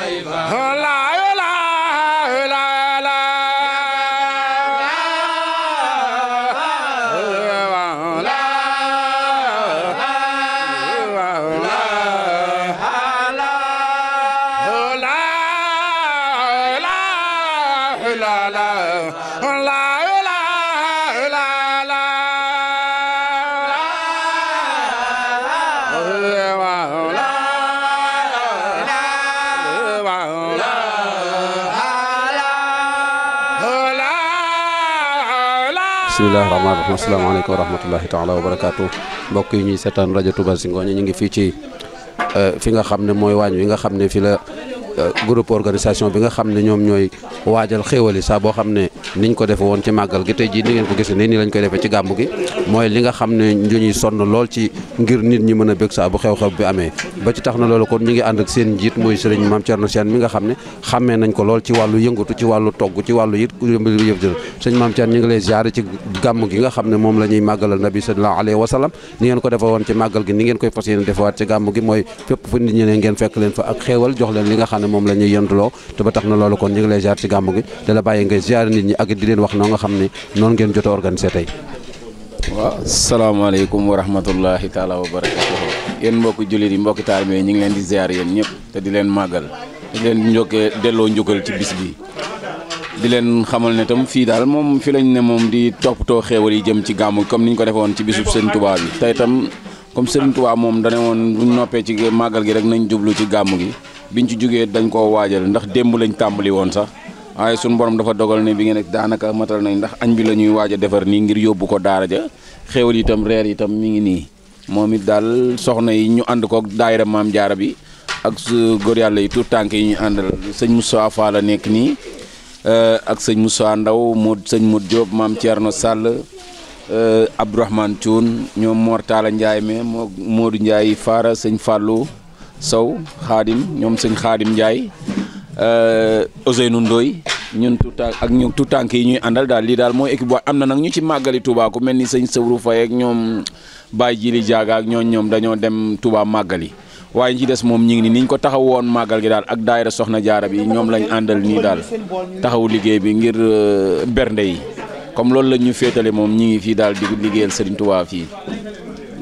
Hallelujah. bisimilahi rahmaani rahiim asalaamaaleykum wa rahmatullahi taala wa barakaatu mbokk yi ñuy seetaan rajo Touba Zingonia ñu ngi fii ci euh, fi nga xam ne mooy waañ wi nga xam ne fi la Euh, groupe organisation bi nga xam ne ñoom ñooy waajal xéewali saa boo xam ne niñ ko defe woon ci màggal gi tey jii ni ngeen ko gisee nii nii koy a bëgg saa bu na loolu kon ñu ngi ànd ak seen njiit mooy sëriñ gi nga xam ne moom la ñuy màggalal nabi sallallahu alayhi wa sallam ni fas yéene defewaat ci gàmm gi mooy fépp fu nit ñi ne ngeen fekk leen fa ak xéewal jox leen li nga xam xam mom moom la te ba tax na kon ñi ngi lay ziar ci gàmmu gi da la baye ngay ziar nit ñi ak di leen wax no nga xam non ngeen jotta organiser tay wa assalamu alaykum wa rahmatullahi taala wa barakatuh yeen mbokk julit yi mbokk talibé ñi ngi leen di ziar yeen ñep te di leen magal di leen ñoké delo njukkal ci bis bi di leen xamal ne tam fi dal mom fi lañ ne mom di toppatoo xewal yi jëm ci gamu comme niñ ko defoon ci bisub Sëriñ touba bi tay tam comme Sëriñ touba mom dañewon bu buñ ci magal gi rek nañ djublu ci gamu gi biñ ci joggé dañ ko wajjal ndax démb lañ tambali won sax ay sun borom dafa dogal ni bi ngeen danaka matal nañ ndax añ bi lañuy wajja waaj a defar nii ngir yobbu ko daara ja xewal itam reer itam mi ngi ni momit dal soxna yi ñu and ko daayira maam jaara bi ak góor yalla yi tout tank yi ñu andal sëñ Moussa fa la ni euh ak sëñ Moussa Ndaw mu sëñ mo job maam tierno Sall euh abdourahman ñom mortala ndjay me Modou ndjay fara Fallou Sow Xaadim ñoom sëñ Xaadim Ndiaye euh, Ousseynou Ndoye ñun tuutànk ak ñu tuutànk yi ñuy àndal daal lii daal mooy équipe waay am na nag ñu ci màggali Touba ku mel ni sëñ Sëwru Faye ak ñoom Baye Jili Diaga ak ñooñ ñoom dañoo dem Touba màggali waaye ñi ci des moom ñi ngi ni niñ ko taxaw woon màggal gi daal ak daayira Soxna Jaara bi ñoom lañu àndal nii daal taxaw liggéey bi ngir euh, bernde yi comme loolu lañ ñu féetale moom ñi ngi fii daal di liggéeyal Serigne Touba fii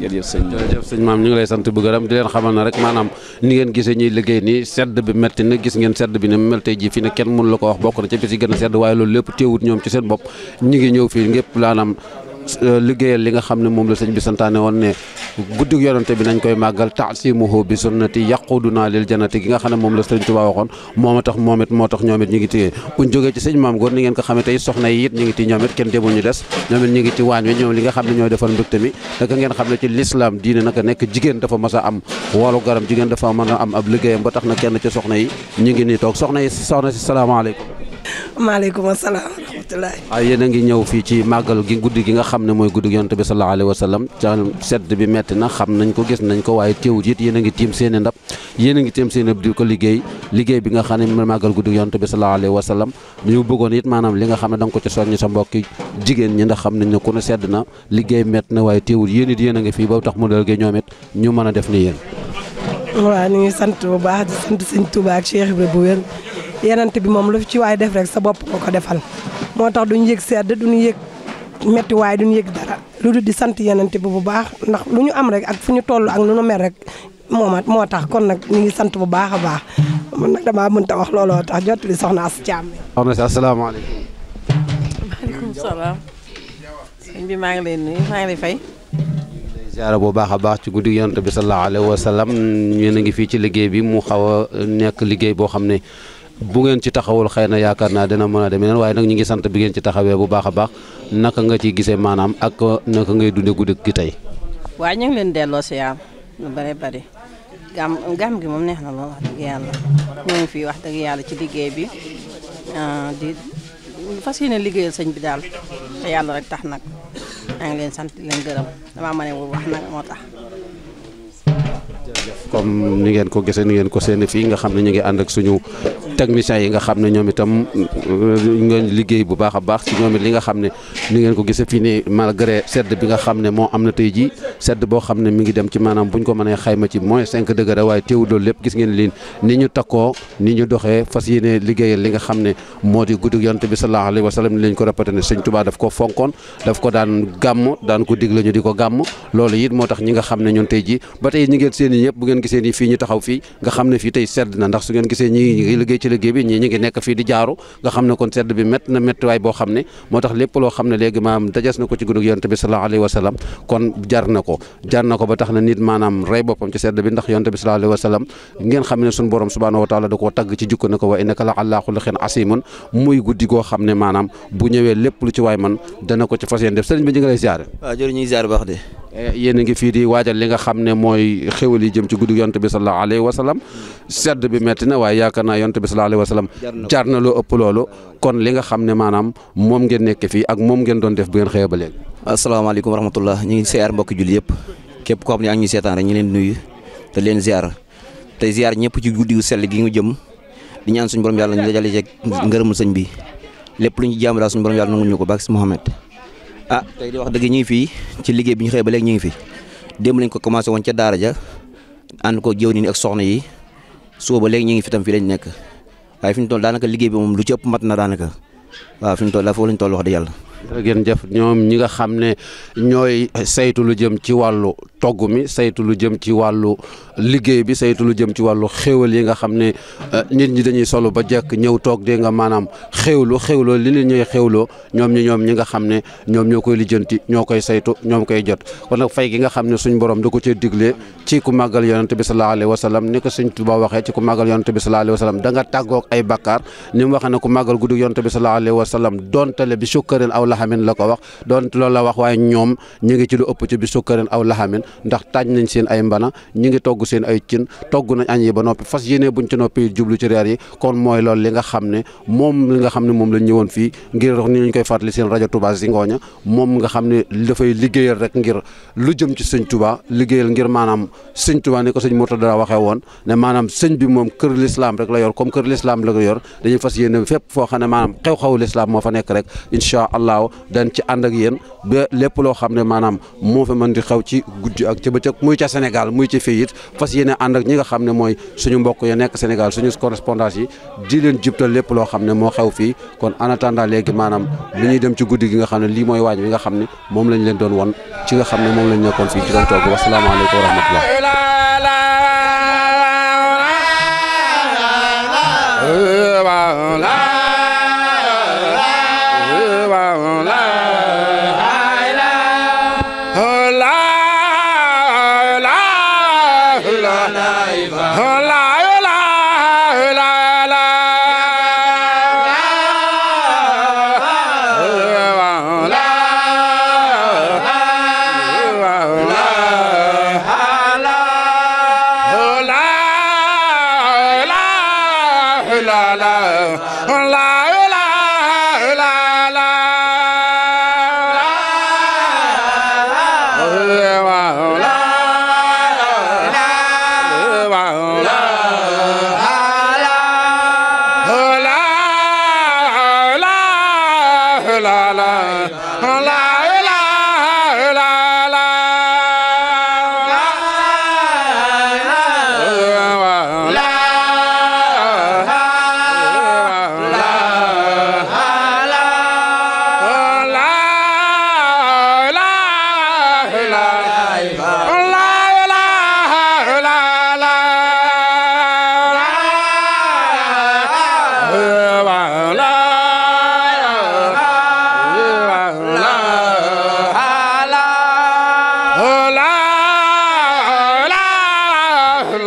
jërëjëf sëñ jërëjëf sëñ maam ñu ngi lay sant bu gërëm di leen xamal na rek maanaam ni ngeen gise ñuy liggéey nii sedd bi metti na gis ngeen sedd bi ne mel tey ji fi ne kenn mënu la ko wax bokk na ca bis gën a sedd waaye loolu lépp téewut ñoom ci seen bopp ñi ngi ñëw fii ngépp laanaam Euh, liggéeyal li nga xam mom la señ bi santaane won ne guddik yonante bi nañ koy magal ta'simuhu bi sunnati yaquduna lil janati gi nga xam mom la señ tuba waxon moom a tax moom it tax ñoom it ñu ngi téye buñ jógee ci señ mam góor ni ngeen ko xamé tay soxna yi ñi ngi ti ñomit it kenn ñu dess ñomit ñi ngi ti waañ ñom li nga xam ñoy ñooy defar mi naka ngeen xam ci l'islam diine naka nek jigen dafa mas am walu garam jigen dafa mëna am ab liggéeyam ba tax na kenn ci soxna yi ñi ngi ni tok soxna yi soxna si alaykum maaleykum salaam wa rahmatulah. waaw yéen a ngi ñëw fii ci màggal gi guddi gi nga xam ne mooy guddi yonent bi sallallahu alayhi wa ca sedd bi metti na xam nañ ko gis nañ ko waaye teewut it yéen a ngi tiim seen i ndab yéen a ngi tiim seen i di ko liggéey liggéey bi nga xam ne màggal guddi yonent bi sallallahu alayhi wa sallam ñu bëggoon it maanaam li nga xam ne da nga ko ci soññ sa mbokki jigéen ñi ndax xam nañ ne ku ne sedd na liggéey metti na waaye teewut yéen it yéen a ngi fii ba tax mu dal gi ñoom it ñu a def ni yéen yenent bi moom lu ci waay def rek sa bopp ko ko defal moo tax duñu yëg sedd duñu yëg metti waaye duñu yëg dara lu dul di sant yenent bi bu baax ndax lu ñu am rek ak fu ñu toll ak lu nu mel rek moomat moo tax kon nag ñu ngi sant bu baax a baax man nag damaa mënta wax looloo tax jot li soxna Asi Thiam. soxna si asalaamaaleykum. maaleykum salaam. sëñ maa ngi lay nuyu maa ngi lay fay. ziara bu baax a baax ci guddi yonent bi sa sallallahu alayhi wa sallam a ngi fii ci liggéey bi mu xaw a nekk liggéey boo xam ne. bu ngeen ci taxawul xëy na dina mën dem demee waye nak ñi ngi sant bi ngeen ci taxawé bu baaxa baax naka nga ci gisee manam ak naka ngay dundé gudde gi tay waaye ñi ngi leen délo ci yaam lu bari bari gam gam gi mom neex na lool wax deug yalla ñu ngi fi wax deug yalla ci liggéey bi ah, di fasiyene liggéeyal señ bi dal te yalla rek tax nak ngi leen sant leen gëreem dama mane wu wax nak moo tax comme ni ngeen ko gisee ni ngeen ko seen fi nga xamni ñi ngi and ak suñu techniciens yi nga xam ne ñoom itam euh, ngeen liggéey bu baax a baax ci ñoom it li nga xam ne nu ngeen ko gisee fii nii malgré sedd bi nga xam ne moo am na tey jii sedd boo xam ne mi ngi dem ci maanaam bu ñu ko mënee xayma ci moins 5 degré waaye teewul loolu lépp gis ngeen liin ni ñu takkoo ni ñu doxee fas yéene liggéeyal li nga xam ne moo di guddi yonent bi sallallahu alayhi wa sallam ni lañ ko répété ne sëñ Tuubaa daf ko fonkoon daf ko daan gàmm daan ko digle ñu di ko gàmm loolu it moo tax ñi nga xam ne ñun tey jii ba tey ñi ngeen seen yi ñëpp bu ngeen gisee nii fii ñu taxaw fii nga xam ne fii tey sedd na ci liggéey bi ñii ñi ngi nekk fii di jaaru nga xam ne kon sedd bi métt na méttiwaay boo xam ne moo tax lépp loo xam ne léegi maanaam dajas na ko ci gudug yonent bi sallallahu alayhi wa sallam kon ngeen xam ne suñu borom subhanahu wa da koo tagg ci jukko na ko wa innaka la ala xuluqin asimun muy guddi goo xam ne maanaam bu ñëwee lépp lu ci waay man dana ko ci fas def sëriñ bi ñu lay ziare Eh, yéen a ngi fii di waajal li nga xam ne mooy xéwal li jëm ci guddi yonte bi sallallahu alayhi wa sallam sedd bi metti na waaye yaakaar naa yonte bi sallallahu alayhi wa sallam jar na lu ëpp loolu kon li nga xam ne maanaam moom ngeen nekk fii ak moom ngeen doon def bu ngeen xëyee ba léegi asalaamaaleykum wa rahmatullah ñu ngi siyaar mbokki julli yëpp képp koo xam ne ak ñu seetaan rek ñu leen nuy te leen ziar te ziar ñëpp ci guddi gu sell gi ñu jëm di ñaan suñ borom yàlla ñu dajale ci ngërëmu sëñ bi lépp lu ñu jaamu daal suñu borom yàlla nangu ñu ko baax si Muhammad ah tey di wax dëgg ñu ngi fii ci liggéey bi ñu xëy ba léegi ñu ngi fi démb lañ ko commencé woon ca daara ja ànd ko jëw ni ak soxna yi suba ba ñu ngi fi tam fii lañ nekk waaye fi ñu toll daanaka liggéey bi moom lu ci ëpp mat na daanaka waaw fi ñu toll daal lañ toll wax dëgg yàlla jërëngeen jëf ñoom ñi nga xam ne ñooy saytu lu jëm ci wàllu togg mi saytu lu jëm ci wàllu liggéey bi saytu lu jëm ci wàllu xéewal yi nga xam ne euh, nit ñi dañuy solo ba jekk ñëw toog dee nga maanaam xéewlu xéewloo li leen ñooy xéewloo ñoom ñi ñoom ñi nga xam ne ñoom ñoo koy lijjanti ñoo koy saytu ñoom koy jot kon nag fay gi nga xam ne suñ borom da ko cee diglee ci ku màggal yonente bi sallallahu alayhi wa sallam ni ko suñ Tuubaa waxee ci ku màggal yonente bi sa alayhi wa da nga tàggoog ay bakkaar ni mu waxee ne ku màggal guddi yonente bi sallallahu alayhi wa sallam dontale bi sukkarin aw laxamin la ko wax doon loolu la wax waaye ñoom ñi ngi ci lu ëpp ci bi sukkarin aw laxamin ndax taaj nañ seen ay mbana ñi ngi togg seen ay cin togg nañ añ yi ba noppi fas yéene bu ci noppi jublu ci reer yi kon mooy loolu li nga xam ne moom li nga xam ne moom lañ ñëwoon fii ngir ni ñu koy fàttali seen rajo Touba Zingonia moom nga xam ne dafay liggéeyal rek ngir lu jëm ci sëñ Touba liggéeyal ngir maanaam sëñ Touba ni ko sëñ Murtada waxe woon ne maanaam sëñ bi moom kër l'islam rek la yor comme kër l'islam la ko yor dañuy fas yéene fépp foo xam gaaw dañ ci ànd ak yéen ba lépp loo xam ne maanaam moo fa mën di xew ci guddi ak ci bëccëg muy ca Sénégal muy ci fii it fas yéene ànd ak ñi nga xam ne mooy suñu mbokk ya nekk Sénégal suñu correspondance yi di leen jubtal lépp loo xam ne moo xew fii kon en attendant léegi maanaam li ñuy dem ci guddi gi nga xam ne lii mooy waañ wi nga xam ne moom lañ leen doon won ci nga xam ne moom lañ nekkoon fii ci doon toog wasalaamaaleykum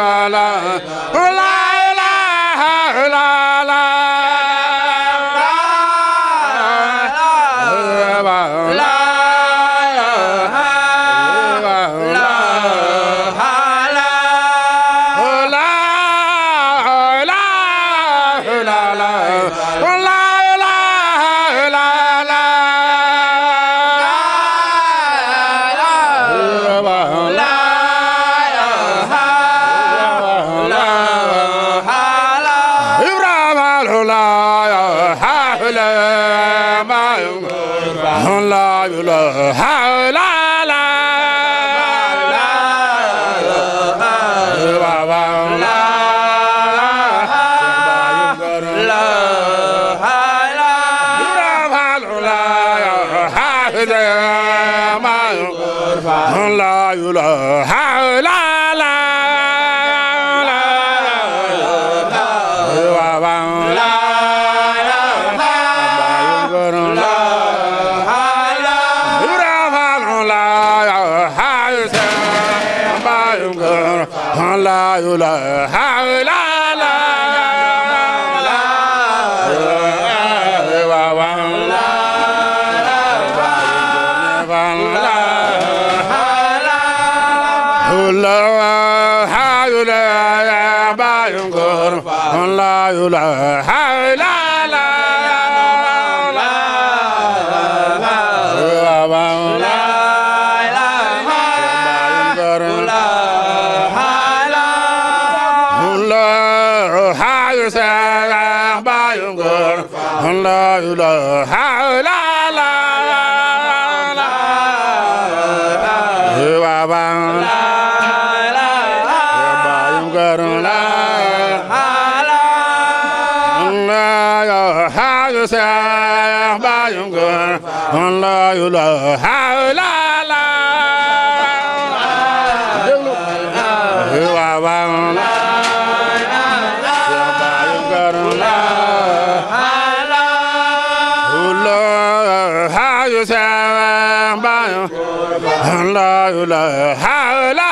la la la la ha la la la لا إله إلا لا إله إلا لا إله إلا لا إله la ilaha